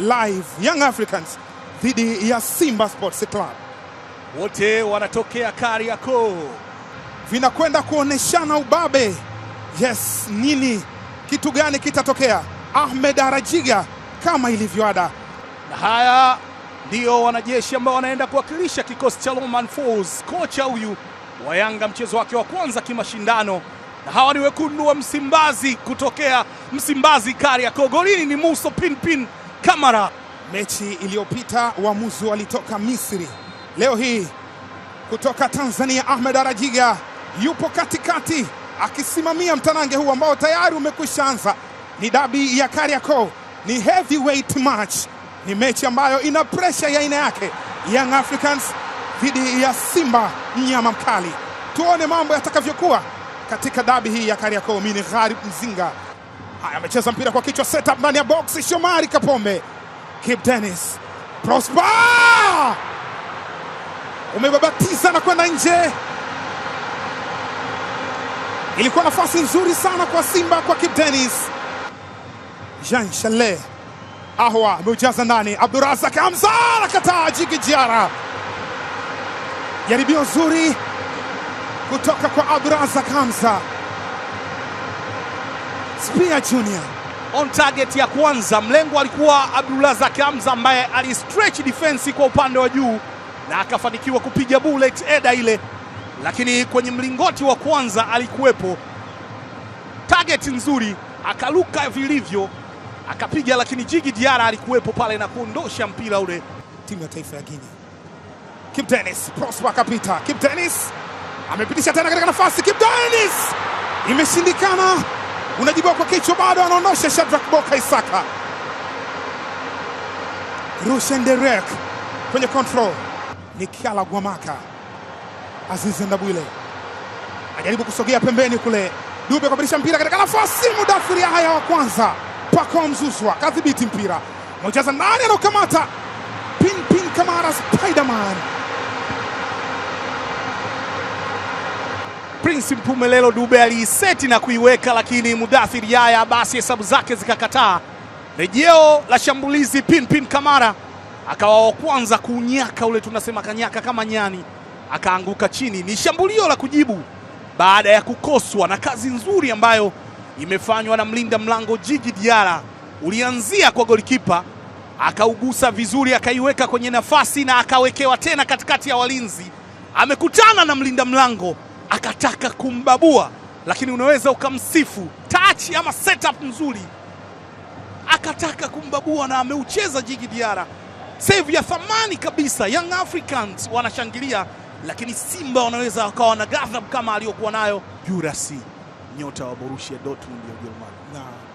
live Young Africans dhidi ya Simba Sports Club, wote wanatokea Kariakoo, vinakwenda kuoneshana ubabe. Yes, nini kitu gani kitatokea? Ahmed Arajiga kama ilivyoada, na haya ndiyo wanajeshi ambao wanaenda kuwakilisha kikosi cha roman Folz. Kocha huyu wa Yanga mchezo wake wa kwanza kimashindano, na hawa ni wekundu wa Msimbazi kutokea Msimbazi Kariakoo. Golini ni Muso Pinpin Kamara. Mechi iliyopita waamuzi walitoka Misri, leo hii kutoka Tanzania Ahmed Arajiga yupo katikati akisimamia mtanange huu ambao tayari umekwisha anza. Ni dabi ya Kariakoo, ni heavyweight match, ni mechi ambayo ina presha ya aina yake. Young Africans dhidi ya Simba mnyama mkali. Tuone mambo yatakavyokuwa katika dabi hii ya Kariakoo. Mimi ni Gharib Mzinga. Haya, amecheza mpira kwa kichwa, set up ndani ya box. Shomari Kapombe, Kip Dennis, Prosper umebabatiza na kwenda nje. Ilikuwa nafasi nzuri sana kwa Simba, kwa Kip Dennis. Jean Shale Ahwa ameujaza ndani, Abdurazak Hamza anakataa, Jiki Jiara, jaribio zuri kutoka kwa Abdurazak Hamza. Spear Junior on target ya kwanza, mlengo alikuwa Abdulrazak Hamza ambaye alistretch defense kwa upande wa juu na akafanikiwa kupiga bullet eda ile, lakini kwenye mlingoti wa kwanza alikuwepo target nzuri, akaluka vilivyo akapiga, lakini Jigi Diara alikuwepo pale na kuondosha mpira ule. Timu ya taifa ya Guinea, Kip Dennis Prosper akapita, Kip Dennis amepitisha tena katika nafasi, Kip Dennis imeshindikana unajibiwa kwa kichwa, bado anaondosha Shadrack Boka Isaka. Rushen Derek kwenye control, ni Kiala Gwamaka, Azizi Ndabwile ajaribu kusogea pembeni kule, Dube kubadilisha mpira katika nafasi, Mudathiri Yahya wa kwanza, Pako Mzuzwa kadhibiti mpira, maucheza ndani, pin Pinpin Kamara Spiderman Prince Mpumelelo Dube aliiseti na kuiweka, lakini Mudathir Yaya basi hesabu zake zikakataa. Rejeo la shambulizi pin Kamara akawa wa kwanza kuunyaka ule, tunasema kanyaka kama nyani, akaanguka chini. Ni shambulio la kujibu baada ya kukoswa, na kazi nzuri ambayo imefanywa na mlinda mlango Jigi Diara. Ulianzia kwa golikipa akaugusa vizuri, akaiweka kwenye nafasi na akawekewa tena katikati ya walinzi, amekutana na mlinda mlango akataka kumbabua, lakini unaweza ukamsifu touch ama setup nzuri, akataka kumbabua na ameucheza jiji Diara, save ya thamani kabisa. Young Africans wanashangilia, lakini Simba wanaweza wakawa na ghadhabu kama aliyokuwa nayo Jurasi, nyota wa Borussia Dortmund ya Ujerumani.